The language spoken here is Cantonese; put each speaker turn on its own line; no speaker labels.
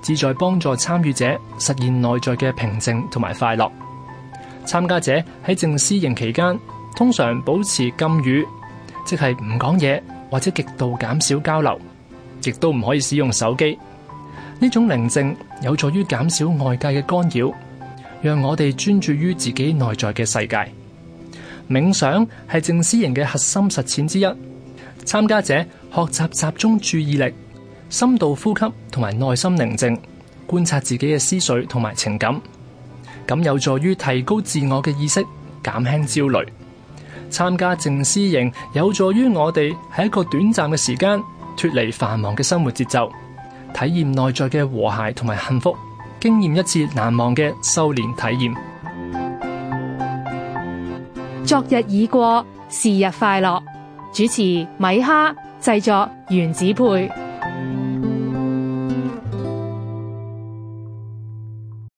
旨在幫助參與者實現內在嘅平靜同埋快樂。參加者喺靜思營期間，通常保持禁語，即係唔講嘢，或者極度減少交流，亦都唔可以使用手機。呢種寧靜有助於減少外界嘅干擾，讓我哋專注於自己內在嘅世界。冥想係靜思營嘅核心實踐之一。參加者學習集中注意力。深度呼吸同埋內心寧靜，觀察自己嘅思緒同埋情感，咁有助於提高自我嘅意識，減輕焦慮。參加靜思營有助於我哋喺一個短暫嘅時間脱離繁忙嘅生活節奏，體驗內在嘅和諧同埋幸福，經驗一次難忘嘅修煉體驗。
昨日已過，是日快樂。主持米哈，製作原子配。